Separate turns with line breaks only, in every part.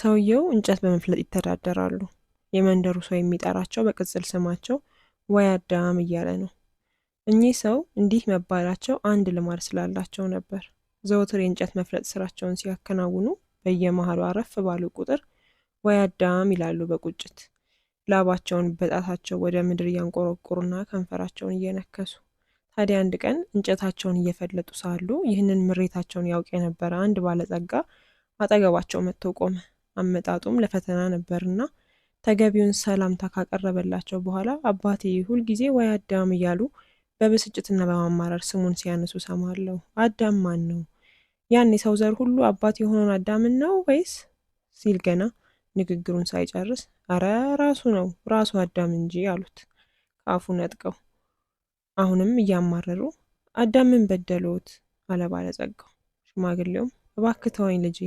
ሰውየው እንጨት በመፍለጥ ይተዳደራሉ። የመንደሩ ሰው የሚጠራቸው በቅጽል ስማቸው ወይ አዳም እያለ ነው። እኚህ ሰው እንዲህ መባላቸው አንድ ልማድ ስላላቸው ነበር። ዘወትር የእንጨት መፍለጥ ስራቸውን ሲያከናውኑ በየመሃሉ አረፍ ባሉ ቁጥር ወይ አዳም ይላሉ በቁጭት ላባቸውን በጣታቸው ወደ ምድር እያንቆረቆሩና ከንፈራቸውን እየነከሱ ታዲያ አንድ ቀን እንጨታቸውን እየፈለጡ ሳሉ ይህንን ምሬታቸውን ያውቅ የነበረ አንድ ባለጸጋ አጠገባቸው መጥቶ ቆመ። አመጣጡም ለፈተና ነበርና ተገቢውን ሰላምታ ካቀረበላቸው በኋላ አባቴ ሁልጊዜ ወይ አዳም እያሉ በብስጭትና በማማረር ስሙን ሲያነሱ ሰማለሁ። አዳም ማን ነው? ያን የሰው ዘር ሁሉ አባት የሆነውን አዳምን ነው ወይስ? ሲል ገና ንግግሩን ሳይጨርስ አረ ራሱ ነው ራሱ አዳም እንጂ አሉት ከአፉ ነጥቀው። አሁንም እያማረሩ አዳምን በደሎት አለ ባለጸጋው። ሽማግሌውም እባክህ ተወኝ ልጄ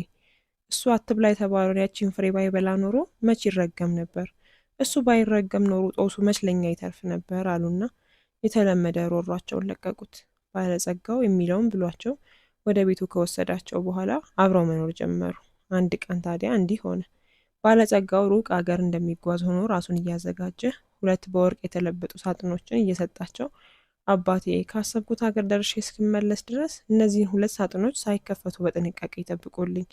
እሱ አትብላ የተባለውን ያቺን ፍሬ ባይበላ ኖሮ መች ይረገም ነበር? እሱ ባይረገም ኖሮ ጦሱ መች ለኛ ይተርፍ ነበር አሉና የተለመደ ሮሯቸውን ለቀቁት። ባለጸጋው የሚለውን ብሏቸው ወደ ቤቱ ከወሰዳቸው በኋላ አብረው መኖር ጀመሩ። አንድ ቀን ታዲያ እንዲህ ሆነ። ባለጸጋው ሩቅ አገር እንደሚጓዝ ሆኖ ራሱን እያዘጋጀ ሁለት በወርቅ የተለበጡ ሳጥኖችን እየሰጣቸው አባቴ ካሰብኩት ሀገር ደርሼ እስክመለስ ድረስ እነዚህን ሁለት ሳጥኖች ሳይከፈቱ በጥንቃቄ ይጠብቁልኝ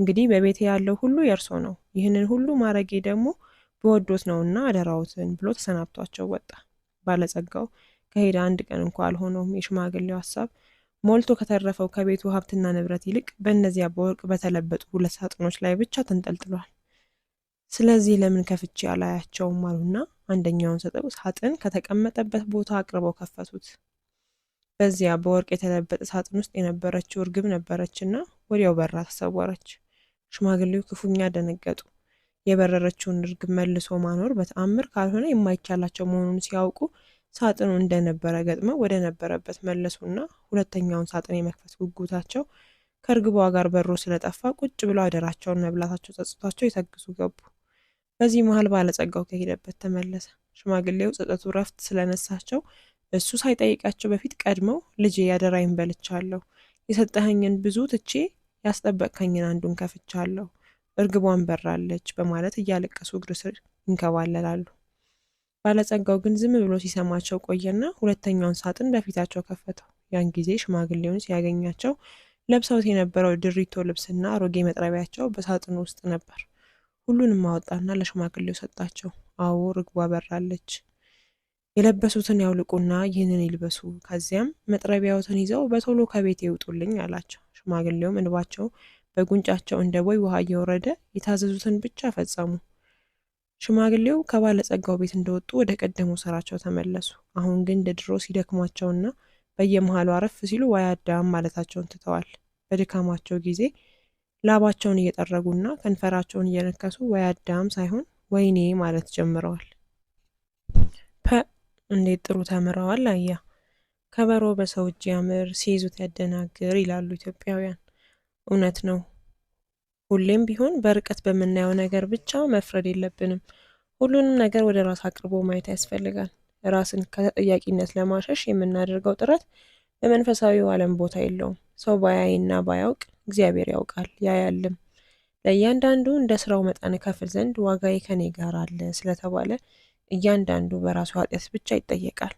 እንግዲህ በቤት ያለው ሁሉ የእርሶ ነው፣ ይህንን ሁሉ ማረጌ ደግሞ በወዶት ነውና አደራዎትን ብሎ ተሰናብቷቸው ወጣ። ባለጸጋው ከሄደ አንድ ቀን እንኳ አልሆነውም የሽማግሌው ሀሳብ ሞልቶ ከተረፈው ከቤቱ ሀብትና ንብረት ይልቅ በእነዚያ በወርቅ በተለበጡ ሁለት ሳጥኖች ላይ ብቻ ተንጠልጥሏል። ስለዚህ ለምን ከፍቼ አላያቸውም አሉና አንደኛውን ሰጠው። ሳጥን ከተቀመጠበት ቦታ አቅርበው ከፈቱት። በዚያ በወርቅ የተለበጠ ሳጥን ውስጥ የነበረችው እርግብ ነበረችና ወዲያው በራ ተሰወረች። ሽማግሌው ክፉኛ ደነገጡ። የበረረችውን እርግብ መልሶ ማኖር በተአምር ካልሆነ የማይቻላቸው መሆኑን ሲያውቁ ሳጥኑ እንደነበረ ገጥመው ወደ ነበረበት መለሱና ሁለተኛውን ሳጥን የመክፈት ጉጉታቸው ከእርግቧ ጋር በሮ ስለጠፋ ቁጭ ብለው አደራቸውን መብላታቸው ጸጽቷቸው የተግዙ ገቡ። በዚህ መሀል ባለጸጋው ከሄደበት ተመለሰ። ሽማግሌው ጸጸቱ ረፍት ስለነሳቸው እሱ ሳይጠይቃቸው በፊት ቀድመው ልጄ ያደራይን በልቻለሁ የሰጠኸኝን ብዙ ትቼ ያስጠበቅከኝን አንዱን ከፍቻለሁ፣ እርግቧን በራለች በማለት እያለቀሱ እግር ስር ይንከባለላሉ። ባለጸጋው ግን ዝም ብሎ ሲሰማቸው ቆየና ሁለተኛውን ሳጥን በፊታቸው ከፈተው። ያን ጊዜ ሽማግሌውን ሲያገኛቸው ለብሰውት የነበረው ድሪቶ ልብስና አሮጌ መጥረቢያቸው በሳጥኑ ውስጥ ነበር። ሁሉንም አወጣና ለሽማግሌው ሰጣቸው። አዎ ርግቧ በራለች። የለበሱትን ያውልቁና ይህንን ይልበሱ፣ ከዚያም መጥረቢያዎትን ይዘው በቶሎ ከቤት ይውጡልኝ አላቸው። ሽማግሌውም እንባቸው በጉንጫቸው እንደ ቦይ ውሃ እየወረደ የታዘዙትን ብቻ ፈጸሙ። ሽማግሌው ከባለጸጋው ቤት እንደወጡ ወደ ቀደመው ስራቸው ተመለሱ። አሁን ግን እንደ ድሮ ሲደክሟቸውና በየመሃሉ አረፍ ሲሉ ዋይ አዳም ማለታቸውን ትተዋል። በድካማቸው ጊዜ ላባቸውን እየጠረጉና ከንፈራቸውን እየነከሱ ወይ አዳም ሳይሆን ወይኔ ማለት ጀምረዋል። እንዴት ጥሩ ተምረዋል አያ ከበሮ በሰው እጅ ያምር ሲይዙት ያደናግር ይላሉ ኢትዮጵያውያን። እውነት ነው። ሁሌም ቢሆን በርቀት በምናየው ነገር ብቻ መፍረድ የለብንም። ሁሉንም ነገር ወደ ራስ አቅርቦ ማየት ያስፈልጋል። ራስን ከተጠያቂነት ለማሸሽ የምናደርገው ጥረት በመንፈሳዊው ዓለም ቦታ የለውም። ሰው ባያይና ባያውቅ እግዚአብሔር ያውቃል ያያልም። ለእያንዳንዱ እንደ ስራው መጠን ከፍል ዘንድ ዋጋዬ ከኔ ጋር አለ ስለተባለ እያንዳንዱ በራሱ ኃጢአት ብቻ ይጠየቃል።